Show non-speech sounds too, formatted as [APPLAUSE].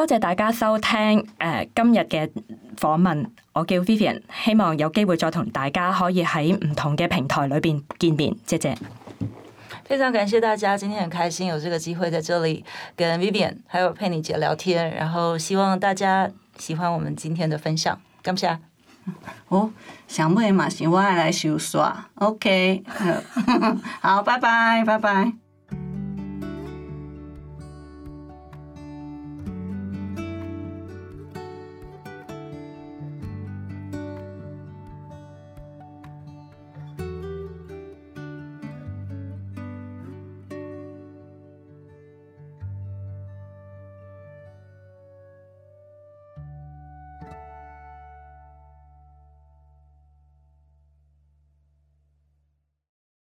多謝大家收聽誒、呃、今日嘅訪問，我叫 Vivian，希望有機會再同大家可以喺唔同嘅平台裏邊見面，謝謝。非常感謝大家，今天很開心有這個機會在這裡跟 Vivian 還有佩霓姐聊天，然後希望大家喜歡我們今天的分享。感謝。 [LAUGHS] 哦，想妹嘛，先我來收耍。OK， [LAUGHS] 好， [LAUGHS] 拜拜，拜拜。